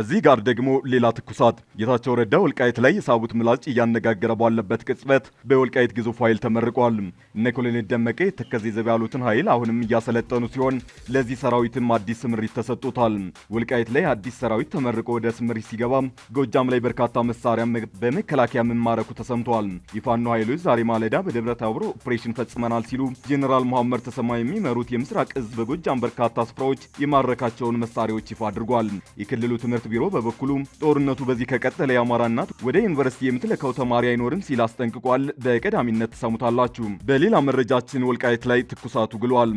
እዚህ ጋር ደግሞ ሌላ ትኩሳት። ጌታቸው ረዳ ወልቃይት ላይ የሳቡት ምላጭ እያነጋገረ ባለበት ቅጽበት በወልቃይት ግዙፍ ኃይል ተመርቋል። እነ ኮሎኔል ደመቀ የተከዜ ዘብ ያሉትን ኃይል አሁንም እያሰለጠኑ ሲሆን ለዚህ ሰራዊትም አዲስ ስምሪት ተሰጥቶታል። ወልቃይት ላይ አዲስ ሰራዊት ተመርቆ ወደ ስምሪት ሲገባ ጎጃም ላይ በርካታ መሳሪያ በመከላከያ መማረኩ ተሰምቷል። የፋኖ ኃይሎች ዛሬ ማለዳ በደብረ ታቦር ኦፕሬሽን ፈጽመናል ሲሉ ጄኔራል መሐመድ ተሰማ የሚመሩት የምስራቅ እዝ በጎጃም በርካታ ስፍራዎች የማረካቸውን መሳሪያዎች ይፋ አድርጓል። የክልሉ ትምህርት ቢሮ በበኩሉ ጦርነቱ በዚህ ከቀጠለ የአማራ እናት ወደ ዩኒቨርሲቲ የምትለካው ተማሪ አይኖርም ሲል አስጠንቅቋል። በቀዳሚነት ትሰሙታላችሁ። በሌላ መረጃችን ወልቃይት ላይ ትኩሳቱ ግሏል።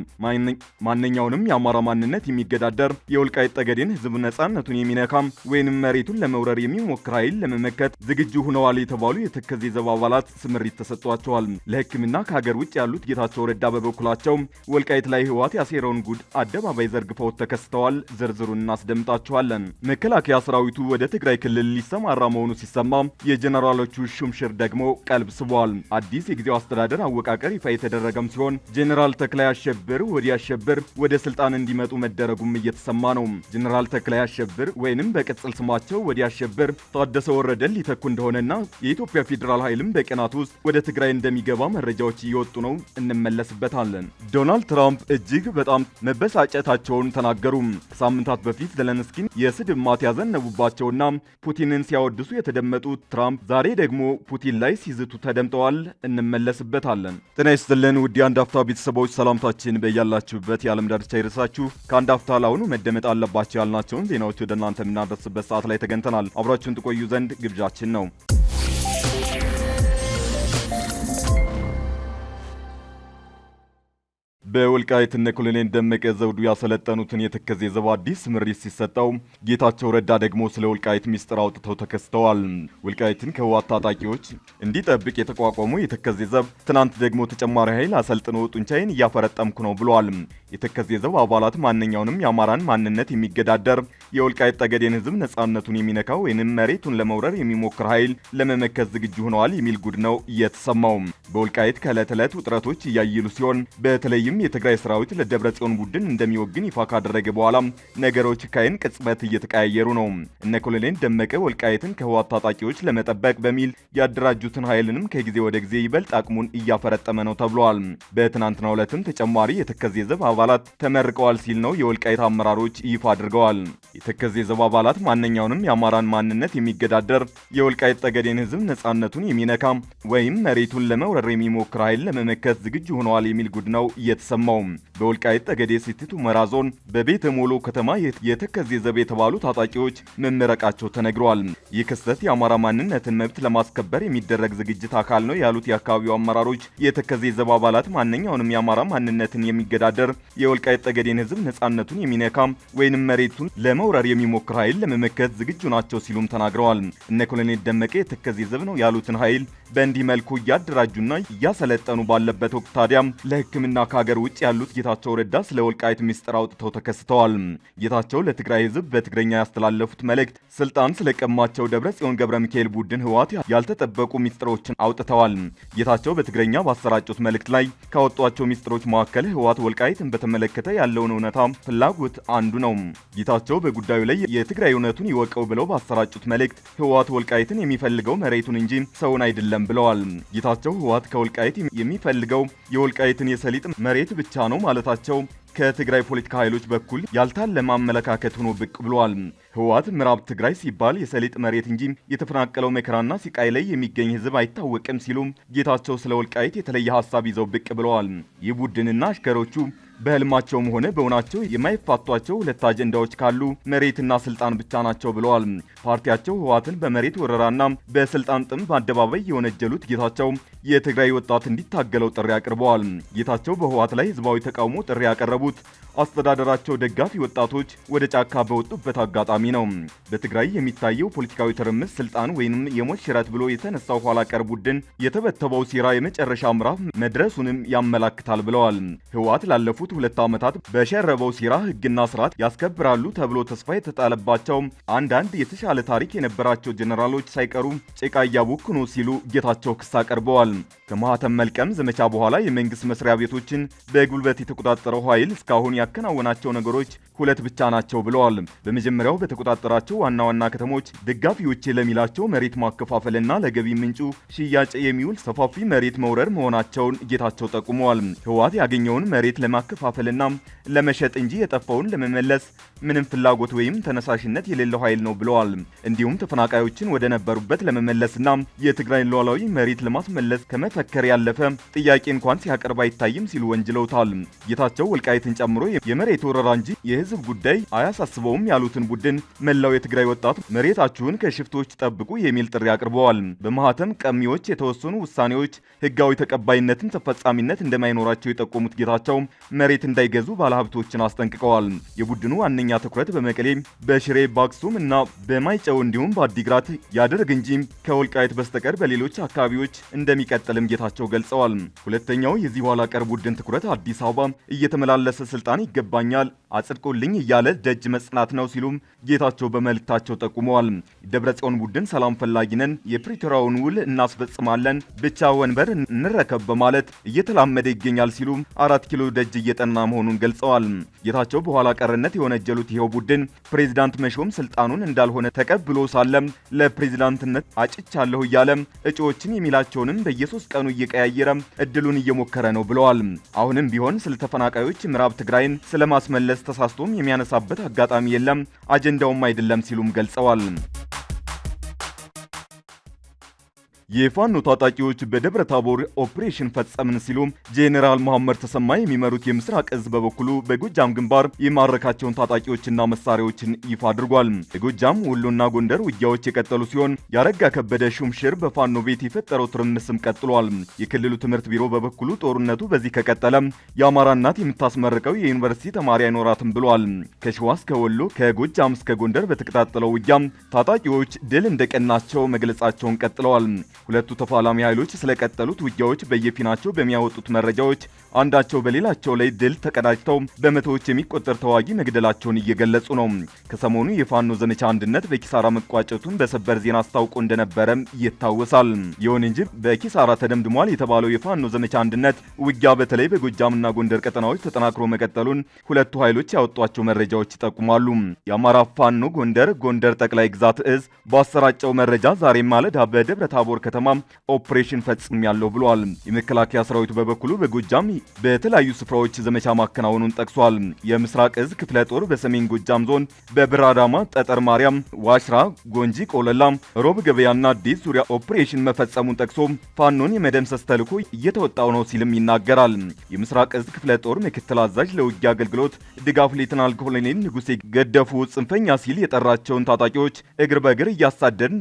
ማንኛውንም የአማራ ማንነት የሚገዳደር የወልቃይት ጠገዴን ህዝብ ነጻነቱን የሚነካም ወይንም መሬቱን ለመውረር የሚሞክር ኃይል ለመመከት ዝግጁ ሆነዋል የተባሉ የተከዜ ዘብ አባላት ስምሪት ተሰጥቷቸዋል። ለሕክምና ከሀገር ውጭ ያሉት ጌታቸው ረዳ በበኩላቸው ወልቃይት ላይ ህወሓት ያሴረውን ጉድ አደባባይ ዘርግፈው ተከስተዋል። ዝርዝሩን እናስደምጣችኋለን። መከላ የመከላከያ ሰራዊቱ ወደ ትግራይ ክልል ሊሰማራ መሆኑ ሲሰማ የጀኔራሎቹ ሹምሽር ደግሞ ቀልብ ስቧል። አዲስ የጊዜው አስተዳደር አወቃቀር ይፋ የተደረገም ሲሆን ጀኔራል ተክላይ አሸብር ወዲ አሸብር ወደ ስልጣን እንዲመጡ መደረጉም እየተሰማ ነው። ጀኔራል ተክላይ አሸብር ወይንም በቅጽል ስማቸው ወዲ አሸብር ታደሰ ወረደን ሊተኩ እንደሆነና የኢትዮጵያ ፌዴራል ኃይልም በቀናት ውስጥ ወደ ትግራይ እንደሚገባ መረጃዎች እየወጡ ነው። እንመለስበታለን። ዶናልድ ትራምፕ እጅግ በጣም መበሳጨታቸውን ተናገሩ። ከሳምንታት በፊት ዘለንስኪን የስድብ ማት ጥቃት ያዘነቡባቸውና ፑቲንን ሲያወድሱ የተደመጡት ትራምፕ ዛሬ ደግሞ ፑቲን ላይ ሲዝቱ ተደምጠዋል። እንመለስበታለን። ጤና ይስጥልን ውድ የአንድ አፍታ ቤተሰቦች፣ ሰላምታችን በያላችሁበት የዓለም ዳርቻ ይድረሳችሁ። ከአንድ አፍታ ለአሁኑ መደመጥ አለባቸው ያልናቸውን ዜናዎች ወደ እናንተ የምናደርስበት ሰዓት ላይ ተገኝተናል። አብራችሁን ትቆዩ ዘንድ ግብዣችን ነው። በወልቃይት እነ ኮሎኔል ደመቀ ዘውዱ ያሰለጠኑትን የተከዜ ዘብ አዲስ ምሪት ሲሰጠው ጌታቸው ረዳ ደግሞ ስለ ወልቃይት ሚስጥር አውጥተው ተከስተዋል። ወልቃይትን ከህወሓት ታጣቂዎች እንዲጠብቅ የተቋቋሙ የተከዜ ዘብ ትናንት ደግሞ ተጨማሪ ኃይል አሰልጥኖ ጡንቻይን እያፈረጠምኩ ነው ብሏል። የተከዜ ዘብ አባላት ማንኛውንም የአማራን ማንነት የሚገዳደር የወልቃይት ጠገዴን ህዝብ ነጻነቱን የሚነካ ወይንም መሬቱን ለመውረር የሚሞክር ኃይል ለመመከት ዝግጁ ሆነዋል የሚል ጉድ ነው እየተሰማውም። በወልቃይት ከዕለት ዕለት ውጥረቶች እያየሉ ሲሆን በተለይም የትግራይ ሰራዊት ለደብረ ጽዮን ቡድን እንደሚወግን ይፋ ካደረገ በኋላ ነገሮች ካይን ቅጽበት እየተቀያየሩ ነው። እነ ኮሎኔል ደመቀ ወልቃይትን ከህዋት ታጣቂዎች ለመጠበቅ በሚል ያደራጁትን ኃይልንም ከጊዜ ወደ ጊዜ ይበልጥ አቅሙን እያፈረጠመ ነው ተብሏል። በትናንትናው ዕለትም ተጨማሪ የተከዜ ዘብ አባላት ተመርቀዋል ሲል ነው የወልቃይት አመራሮች ይፋ አድርገዋል። የተከዜ ዘብ አባላት ማንኛውንም የአማራን ማንነት የሚገዳደር የወልቃይት ጠገዴን ህዝብ ነጻነቱን የሚነካም ወይም መሬቱን ለመውረር የሚሞክር ኃይል ለመመከት ዝግጁ ሆነዋል የሚል ጉድ ነው እየተሰማው። በወልቃይት ጠገዴ ሰቲት ሁመራ ዞን በቤተ ሞሎ ከተማ የተከዜ ዘብ የተባሉ ታጣቂዎች መመረቃቸው ተነግረዋል። ይህ ክስተት የአማራ ማንነትን መብት ለማስከበር የሚደረግ ዝግጅት አካል ነው ያሉት የአካባቢው አመራሮች የተከዜ ዘብ አባላት ማንኛውንም የአማራ ማንነትን የሚገዳደር የወልቃይት ጠገዴን ህዝብ ነጻነቱን የሚነካ ወይንም መሬቱን ለመው ለመውረር የሚሞክር ኃይል ለመመከት ዝግጁ ናቸው ሲሉም ተናግረዋል። እነ ኮሎኔል ደመቀ የተከዜ ዘብ ነው ያሉትን ኃይል በእንዲህ መልኩ እያደራጁና እያሰለጠኑ ባለበት ወቅት ታዲያም ለሕክምና ከሀገር ውጭ ያሉት ጌታቸው ረዳ ስለ ወልቃይት ሚስጥር አውጥተው ተከስተዋል። ጌታቸው ለትግራይ ሕዝብ በትግረኛ ያስተላለፉት መልእክት ስልጣን ስለቀማቸው ደብረ ጽዮን ገብረ ሚካኤል ቡድን ህወሓት ያልተጠበቁ ሚስጥሮችን አውጥተዋል። ጌታቸው በትግረኛ ባሰራጩት መልእክት ላይ ካወጧቸው ሚስጥሮች መካከል ህወሓት ወልቃይትን በተመለከተ ያለውን እውነታ ፍላጎት አንዱ ነው። ጌታቸው በጉ ጉዳዩ ላይ የትግራይ እውነቱን ይወቀው ብለው ባሰራጩት መልእክት ህወሓት ወልቃይትን የሚፈልገው መሬቱን እንጂ ሰውን አይደለም ብለዋል። ጌታቸው ህወሓት ከወልቃይት የሚፈልገው የወልቃይትን የሰሊጥ መሬት ብቻ ነው ማለታቸው ከትግራይ ፖለቲካ ኃይሎች በኩል ያልታለመ አመለካከት ሆኖ ብቅ ብሏል። ህወሓት ምዕራብ ትግራይ ሲባል የሰሊጥ መሬት እንጂ የተፈናቀለው መከራና ሲቃይ ላይ የሚገኝ ህዝብ አይታወቅም ሲሉ ጌታቸው ስለ ወልቃይት የተለየ ሀሳብ ይዘው ብቅ ብለዋል። ይህ ቡድንና አሽከሮቹ በህልማቸውም ሆነ በእውናቸው የማይፋቷቸው ሁለት አጀንዳዎች ካሉ መሬትና ስልጣን ብቻ ናቸው ብለዋል። ፓርቲያቸው ህወሓትን በመሬት ወረራና በስልጣን ጥም በአደባባይ የወነጀሉት ጌታቸው የትግራይ ወጣት እንዲታገለው ጥሪ አቅርበዋል። ጌታቸው በህወሓት ላይ ህዝባዊ ተቃውሞ ጥሪ ያቀረቡት አስተዳደራቸው ደጋፊ ወጣቶች ወደ ጫካ በወጡበት አጋጣሚ ነው። በትግራይ የሚታየው ፖለቲካዊ ትርምስ ስልጣን ወይንም የሞት ሽረት ብሎ የተነሳው ኋላ ቀር ቡድን የተበተበው ሴራ የመጨረሻ ምዕራፍ መድረሱንም ያመላክታል ብለዋል። ህወሓት ላለፉት ሁለት ዓመታት በሸረበው ሴራ ህግና ስርዓት ያስከብራሉ ተብሎ ተስፋ የተጣለባቸው አንዳንድ የተሻለ ታሪክ የነበራቸው ጀኔራሎች ሳይቀሩ ጭቃ እያቦኩ ነው ሲሉ ጌታቸው ክስ አቀርበዋል። ከማህተም መልቀም ዘመቻ በኋላ የመንግስት መስሪያ ቤቶችን በጉልበት የተቆጣጠረው ኃይል እስካሁን ያከናወናቸው ነገሮች ሁለት ብቻ ናቸው ብለዋል። በመጀመሪያው በተቆጣጠራቸው ዋና ዋና ከተሞች ደጋፊዎች ለሚላቸው መሬት ማከፋፈልና ለገቢ ምንጩ ሽያጭ የሚውል ሰፋፊ መሬት መውረር መሆናቸውን ጌታቸው ጠቁመዋል። ህወሓት ያገኘውን መሬት ለማከፋፈልና ለመሸጥ እንጂ የጠፋውን ለመመለስ ምንም ፍላጎት ወይም ተነሳሽነት የሌለው ኃይል ነው ብለዋል። እንዲሁም ተፈናቃዮችን ወደ ነበሩበት ለመመለስና የትግራይ ሉዓላዊ መሬት ለማስመለስ ከመፈከር ያለፈ ጥያቄ እንኳን ሲያቀርብ አይታይም ሲሉ ወንጅለውታል። ጌታቸው ወልቃይትን ጨምሮ የመሬት ወረራ እንጂ የህዝብ የህዝብ ጉዳይ አያሳስበውም ያሉትን ቡድን መላው የትግራይ ወጣት መሬታችሁን ከሽፍቶች ጠብቁ የሚል ጥሪ አቅርበዋል። በማህተም ቀሚዎች የተወሰኑ ውሳኔዎች ህጋዊ ተቀባይነትን ተፈጻሚነት እንደማይኖራቸው የጠቆሙት ጌታቸው መሬት እንዳይገዙ ባለሀብቶችን አስጠንቅቀዋል። የቡድኑ ዋነኛ ትኩረት በመቀሌ በሽሬ በአክሱም እና በማይጨው እንዲሁም በአዲግራት ያደርግ እንጂ ከወልቃየት በስተቀር በሌሎች አካባቢዎች እንደሚቀጥልም ጌታቸው ገልጸዋል። ሁለተኛው የዚህ ኋላ ቀር ቡድን ትኩረት አዲስ አበባ እየተመላለሰ ስልጣን ይገባኛል አጽድቆ አድርጉልኝ እያለ ደጅ መጽናት ነው ሲሉም ጌታቸው በመልእክታቸው ጠቁመዋል። ደብረጽዮን ቡድን ሰላም ፈላጊ ነን፣ የፕሪቶሪያውን ውል እናስፈጽማለን፣ ብቻ ወንበር እንረከብ በማለት እየተላመደ ይገኛል ሲሉ አራት ኪሎ ደጅ እየጠና መሆኑን ገልጸዋል። ጌታቸው በኋላ ቀርነት የወነጀሉት ይኸው ቡድን ፕሬዚዳንት መሾም ስልጣኑን እንዳልሆነ ተቀብሎ ሳለም ለፕሬዚዳንትነት አጭቻለሁ እያለም እጩዎችን የሚላቸውንም በየሶስት ቀኑ እየቀያየረ እድሉን እየሞከረ ነው ብለዋል። አሁንም ቢሆን ስለ ተፈናቃዮች ምዕራብ ትግራይን ስለማስመለስ ተሳስቶ በፍጹም የሚያነሳበት አጋጣሚ የለም፣ አጀንዳውም አይደለም ሲሉም ገልጸዋል። የፋኖ ታጣቂዎች በደብረ ታቦር ኦፕሬሽን ፈጸምን ሲሉ ጄኔራል መሐመድ ተሰማ የሚመሩት የምስራቅ እዝ በበኩሉ በጎጃም ግንባር የማረካቸውን ታጣቂዎችና መሳሪያዎችን ይፋ አድርጓል። በጎጃም ወሎና ጎንደር ውጊያዎች የቀጠሉ ሲሆን ያረጋ ከበደ ሹምሽር በፋኖ ቤት የፈጠረው ትርምስም ቀጥሏል። የክልሉ ትምህርት ቢሮ በበኩሉ ጦርነቱ በዚህ ከቀጠለ የአማራ እናት የምታስመርቀው የዩኒቨርሲቲ ተማሪ አይኖራትም ብሏል። ከሸዋ እስከ ወሎ ከጎጃም እስከ ጎንደር በተቀጣጠለው ውጊያም ታጣቂዎች ድል እንደቀናቸው መግለጻቸውን ቀጥለዋል። ሁለቱ ተፋላሚ ኃይሎች ስለቀጠሉት ውጊያዎች በየፊናቸው በሚያወጡት መረጃዎች አንዳቸው በሌላቸው ላይ ድል ተቀዳጅተው በመቶዎች የሚቆጠር ተዋጊ መግደላቸውን እየገለጹ ነው። ከሰሞኑ የፋኖ ዘመቻ አንድነት በኪሳራ መቋጨቱን በሰበር ዜና አስታውቆ እንደነበረም ይታወሳል። ይሁን እንጂ በኪሳራ ተደምድሟል የተባለው የፋኖ ዘመቻ አንድነት ውጊያ በተለይ በጎጃምና ጎንደር ቀጠናዎች ተጠናክሮ መቀጠሉን ሁለቱ ኃይሎች ያወጧቸው መረጃዎች ይጠቁማሉ። የአማራ ፋኖ ጎንደር ጎንደር ጠቅላይ ግዛት እዝ ባሰራጨው መረጃ ዛሬ ማለዳ በደብረ ታቦር ከተማ ኦፕሬሽን ፈጽም ያለው ብሏል። የመከላከያ ሰራዊቱ በበኩሉ በጎጃም በተለያዩ ስፍራዎች ዘመቻ ማከናወኑን ጠቅሷል። የምስራቅ እዝ ክፍለ ጦር በሰሜን ጎጃም ዞን በብራዳማ፣ ጠጠር ማርያም፣ ዋሽራ፣ ጎንጂ፣ ቆለላ፣ ሮብ ገበያና አዲስ ዙሪያ ኦፕሬሽን መፈጸሙን ጠቅሶ ፋኖን የመደምሰስ ተልዕኮ እየተወጣው ነው ሲልም ይናገራል። የምስራቅ እዝ ክፍለ ጦር ምክትል አዛዥ ለውጊያ አገልግሎት ድጋፍ ሌተናል ኮሎኔል ንጉሴ ገደፉ ጽንፈኛ ሲል የጠራቸውን ታጣቂዎች እግር በእግር እያሳደድን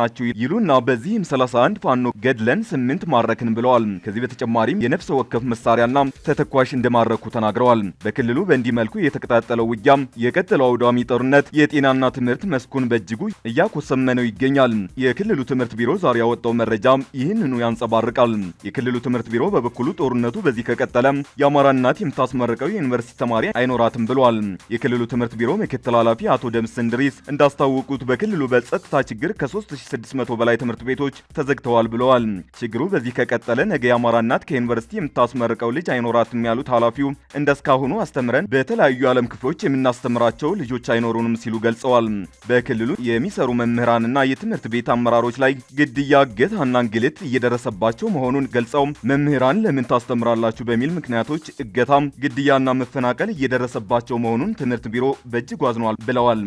ናቸው ይሉና በዚህ በዚህም 31 ፋኖ ገድለን ስምንት ማረክን ብለዋል። ከዚህ በተጨማሪም የነፍስ ወከፍ መሳሪያና ተተኳሽ እንደማረኩ ተናግረዋል። በክልሉ በእንዲህ መልኩ የተቀጣጠለው ውጊያ የቀጠለው አውዳሚ ጦርነት የጤናና ትምህርት መስኩን በእጅጉ እያኮሰመነው ይገኛል። የክልሉ ትምህርት ቢሮ ዛሬ ያወጣው መረጃ ይህንኑ ያንጸባርቃል። የክልሉ ትምህርት ቢሮ በበኩሉ ጦርነቱ በዚህ ከቀጠለ የአማራ እናት የምታስመርቀው የዩኒቨርሲቲ ተማሪ አይኖራትም ብሏል። የክልሉ ትምህርት ቢሮ ምክትል ኃላፊ አቶ ደምስ እንድሪስ እንዳስታወቁት በክልሉ በጸጥታ ችግር ከ3600 በላይ ትምህርት ቤቶች ኮሌጆች ተዘግተዋል ብለዋል። ችግሩ በዚህ ከቀጠለ ነገ የአማራ እናት ከዩኒቨርሲቲ የምታስመርቀው ልጅ አይኖራትም ያሉት ኃላፊው እንደ እስካሁኑ አስተምረን በተለያዩ የዓለም ክፍሎች የምናስተምራቸው ልጆች አይኖሩንም ሲሉ ገልጸዋል። በክልሉ የሚሰሩ መምህራንና የትምህርት ቤት አመራሮች ላይ ግድያ፣ እገታና እንግልት እየደረሰባቸው መሆኑን ገልጸው መምህራን ለምን ታስተምራላችሁ በሚል ምክንያቶች እገታም፣ ግድያና መፈናቀል እየደረሰባቸው መሆኑን ትምህርት ቢሮ በእጅጉ አዝኗል ብለዋል።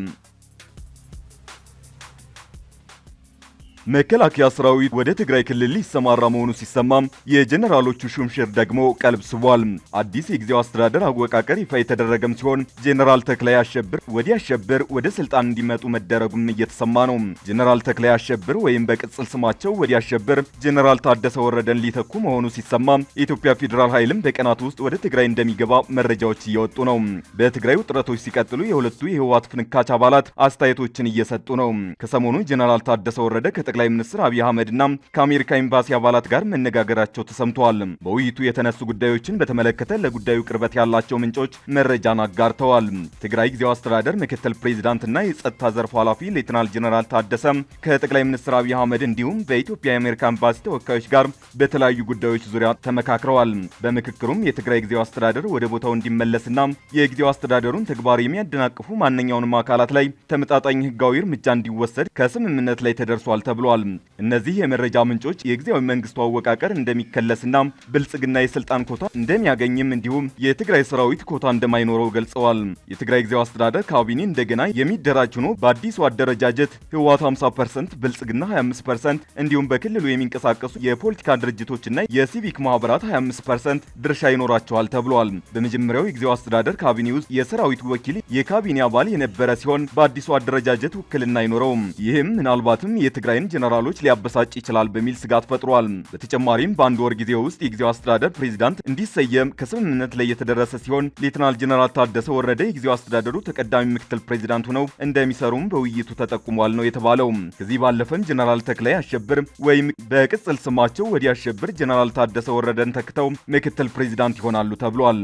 መከላከያ ሰራዊት ወደ ትግራይ ክልል ሊሰማራ መሆኑ ሲሰማም የጀኔራሎቹ ሹምሽር ደግሞ ቀልብ ስቧል። አዲስ የጊዜው አስተዳደር አወቃቀር ይፋ የተደረገም ሲሆን ጀኔራል ተክላይ አሸብር ወዲ አሸብር ወደ ስልጣን እንዲመጡ መደረጉም እየተሰማ ነው። ጀኔራል ተክላይ አሸብር ወይም በቅጽል ስማቸው ወዲ አሸብር ጀኔራል ታደሰ ወረደን ሊተኩ መሆኑ ሲሰማ የኢትዮጵያ ፌዴራል ኃይልም በቀናት ውስጥ ወደ ትግራይ እንደሚገባ መረጃዎች እየወጡ ነው። በትግራይ ውጥረቶች ሲቀጥሉ የሁለቱ የህወሓት ፍንካች አባላት አስተያየቶችን እየሰጡ ነው። ከሰሞኑ ጀኔራል ታደሰ ወረደ ጠቅላይ ሚኒስትር አብይ አህመድና ከአሜሪካ ኤምባሲ አባላት ጋር መነጋገራቸው ተሰምተዋል። በውይይቱ የተነሱ ጉዳዮችን በተመለከተ ለጉዳዩ ቅርበት ያላቸው ምንጮች መረጃን አጋርተዋል። ትግራይ ጊዜያዊ አስተዳደር ምክትል ፕሬዚዳንትና የጸጥታ ዘርፍ ኃላፊ ሌትናል ጀነራል ታደሰ ከጠቅላይ ሚኒስትር አብይ አህመድ እንዲሁም በኢትዮጵያ የአሜሪካ ኤምባሲ ተወካዮች ጋር በተለያዩ ጉዳዮች ዙሪያ ተመካክረዋል። በምክክሩም የትግራይ ጊዜያዊ አስተዳደር ወደ ቦታው እንዲመለስና የጊዜው አስተዳደሩን ተግባር የሚያደናቅፉ ማንኛውንም አካላት ላይ ተመጣጣኝ ሕጋዊ እርምጃ እንዲወሰድ ከስምምነት ላይ ተደርሷል ተብሏል። ብሏል። እነዚህ የመረጃ ምንጮች የጊዜያዊ መንግስቱ አወቃቀር እንደሚከለስና ብልጽግና የስልጣን ኮታ እንደሚያገኝም እንዲሁም የትግራይ ሰራዊት ኮታ እንደማይኖረው ገልጸዋል። የትግራይ ጊዜያዊ አስተዳደር ካቢኔ እንደገና የሚደራጅ ሆኖ በአዲሱ አደረጃጀት ህወሓት 50 ብልጽግና 25 እንዲሁም በክልሉ የሚንቀሳቀሱ የፖለቲካ ድርጅቶችና የሲቪክ ማህበራት 25 ድርሻ ይኖራቸዋል ተብሏል። በመጀመሪያው የጊዜው አስተዳደር ካቢኔ ውስጥ የሰራዊቱ ወኪል የካቢኔ አባል የነበረ ሲሆን በአዲሱ አደረጃጀት ውክልና አይኖረውም። ይህም ምናልባትም የትግራይን ጀነራሎች ሊያበሳጭ ይችላል በሚል ስጋት ፈጥሯል። በተጨማሪም በአንድ ወር ጊዜ ውስጥ የጊዜው አስተዳደር ፕሬዚዳንት እንዲሰየም ከስምምነት ላይ የተደረሰ ሲሆን ሌትናል ጀነራል ታደሰ ወረደ የጊዜው አስተዳደሩ ተቀዳሚ ምክትል ፕሬዚዳንት ሆነው እንደሚሰሩም በውይይቱ ተጠቁሟል ነው የተባለው። ከዚህ ባለፈም ጀነራል ተክላይ አሸብር ወይም በቅጽል ስማቸው ወዲ አሸብር ጀነራል ታደሰ ወረደን ተክተው ምክትል ፕሬዚዳንት ይሆናሉ ተብሏል።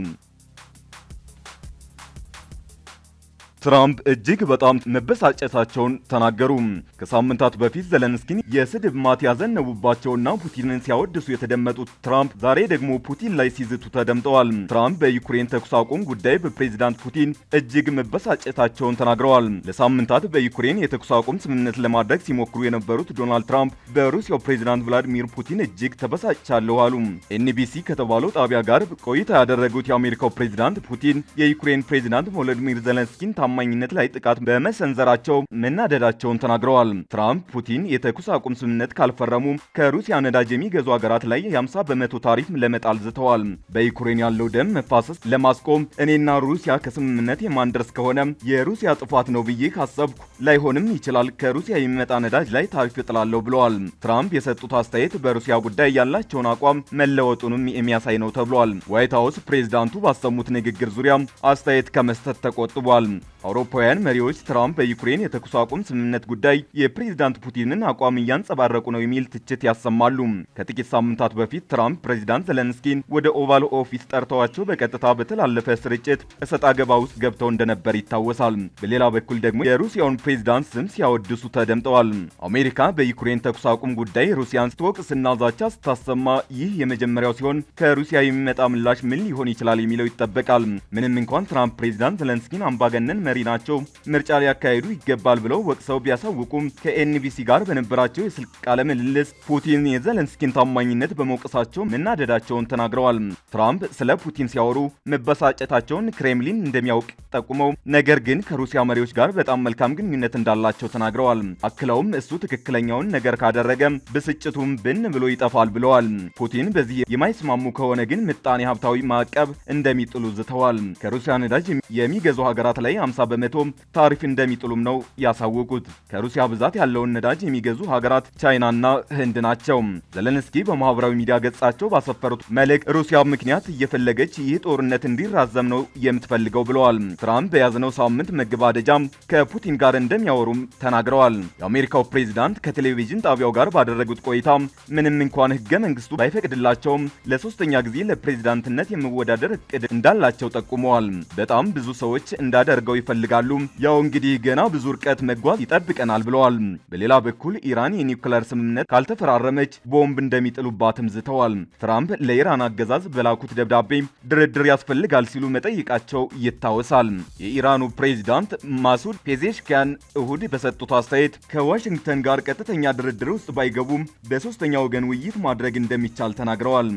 ትራምፕ እጅግ በጣም መበሳጨታቸውን ተናገሩ። ከሳምንታት በፊት ዘለንስኪን የስድብ ማት ያዘነቡባቸውና ፑቲንን ሲያወድሱ የተደመጡት ትራምፕ ዛሬ ደግሞ ፑቲን ላይ ሲዝቱ ተደምጠዋል። ትራምፕ በዩክሬን ተኩስ አቁም ጉዳይ በፕሬዚዳንት ፑቲን እጅግ መበሳጨታቸውን ተናግረዋል። ለሳምንታት በዩክሬን የተኩስ አቁም ስምምነት ለማድረግ ሲሞክሩ የነበሩት ዶናልድ ትራምፕ በሩሲያው ፕሬዚዳንት ቭላዲሚር ፑቲን እጅግ ተበሳጭቻለሁ አሉ። ኤንቢሲ ከተባለው ጣቢያ ጋር ቆይታ ያደረጉት የአሜሪካው ፕሬዚዳንት ፑቲን የዩክሬን ፕሬዚዳንት ቮሎዲሚር ዘለንስኪን ታማኝነት ላይ ጥቃት በመሰንዘራቸው መናደዳቸውን ተናግረዋል። ትራምፕ ፑቲን የተኩስ አቁም ስምምነት ካልፈረሙ ከሩሲያ ነዳጅ የሚገዙ ሀገራት ላይ የ50 በመቶ ታሪፍ ለመጣል ዝተዋል። በዩክሬን ያለው ደም መፋሰስ ለማስቆም እኔና ሩሲያ ከስምምነት የማንደርስ ከሆነ የሩሲያ ጥፋት ነው ብዬ ካሰብኩ ላይሆንም ይችላል ከሩሲያ የሚመጣ ነዳጅ ላይ ታሪፍ እጥላለሁ ብለዋል። ትራምፕ የሰጡት አስተያየት በሩሲያ ጉዳይ ያላቸውን አቋም መለወጡንም የሚያሳይ ነው ተብሏል። ዋይት ሀውስ ፕሬዚዳንቱ ባሰሙት ንግግር ዙሪያ አስተያየት ከመስጠት ተቆጥቧል። አውሮፓውያን መሪዎች ትራምፕ በዩክሬን የተኩስ አቁም ስምምነት ጉዳይ የፕሬዚዳንት ፑቲንን አቋም እያንጸባረቁ ነው የሚል ትችት ያሰማሉ። ከጥቂት ሳምንታት በፊት ትራምፕ ፕሬዚዳንት ዘለንስኪን ወደ ኦቫል ኦፊስ ጠርተዋቸው በቀጥታ በተላለፈ ስርጭት እሰጥ አገባ ውስጥ ገብተው እንደነበር ይታወሳል። በሌላ በኩል ደግሞ የሩሲያውን ፕሬዚዳንት ስም ሲያወድሱ ተደምጠዋል። አሜሪካ በዩክሬን ተኩስ አቁም ጉዳይ ሩሲያን ስትወቅስና ዛቻ ስታሰማ ይህ የመጀመሪያው ሲሆን ከሩሲያ የሚመጣ ምላሽ ምን ሊሆን ይችላል የሚለው ይጠበቃል። ምንም እንኳን ትራምፕ ፕሬዚዳንት ዘለንስኪን አምባገነን መሪ ናቸው፣ ምርጫ ሊያካሂዱ ይገባል ብለው ወቅሰው ቢያሳውቁም ከኤንቢሲ ጋር በነበራቸው የስልክ ቃለ ምልልስ ፑቲን የዘለንስኪን ታማኝነት በመውቀሳቸው መናደዳቸውን ተናግረዋል። ትራምፕ ስለ ፑቲን ሲያወሩ መበሳጨታቸውን ክሬምሊን እንደሚያውቅ ጠቁመው ነገር ግን ከሩሲያ መሪዎች ጋር በጣም መልካም ግንኙነት እንዳላቸው ተናግረዋል። አክለውም እሱ ትክክለኛውን ነገር ካደረገ ብስጭቱም ብን ብሎ ይጠፋል ብለዋል። ፑቲን በዚህ የማይስማሙ ከሆነ ግን ምጣኔ ሀብታዊ ማዕቀብ እንደሚጥሉ ዝተዋል። ከሩሲያ ነዳጅ የሚገዙ ሀገራት ላይ 50 30 በመቶ ታሪፍ እንደሚጥሉም ነው ያሳወቁት። ከሩሲያ ብዛት ያለውን ነዳጅ የሚገዙ ሀገራት ቻይናና ህንድ ናቸው። ዘለንስኪ በማህበራዊ ሚዲያ ገጻቸው ባሰፈሩት መልእክት ሩሲያ ምክንያት እየፈለገች ይህ ጦርነት እንዲራዘም ነው የምትፈልገው ብለዋል። ትራምፕ በያዝነው ሳምንት መገባደጃ ከፑቲን ጋር እንደሚያወሩም ተናግረዋል። የአሜሪካው ፕሬዚዳንት ከቴሌቪዥን ጣቢያው ጋር ባደረጉት ቆይታ ምንም እንኳን ህገ መንግስቱ ባይፈቅድላቸውም ለሶስተኛ ጊዜ ለፕሬዚዳንትነት የመወዳደር እቅድ እንዳላቸው ጠቁመዋል። በጣም ብዙ ሰዎች እንዳደርገው ይፈልጋሉ። ያው እንግዲህ ገና ብዙ ርቀት መጓዝ ይጠብቀናል ብለዋል። በሌላ በኩል ኢራን የኒውክለር ስምምነት ካልተፈራረመች ቦምብ እንደሚጥሉባትም ዝተዋል። ትራምፕ ለኢራን አገዛዝ በላኩት ደብዳቤ ድርድር ያስፈልጋል ሲሉ መጠይቃቸው ይታወሳል። የኢራኑ ፕሬዚዳንት ማሱድ ፔዜሽኪያን እሁድ በሰጡት አስተያየት ከዋሽንግተን ጋር ቀጥተኛ ድርድር ውስጥ ባይገቡም በሶስተኛ ወገን ውይይት ማድረግ እንደሚቻል ተናግረዋል።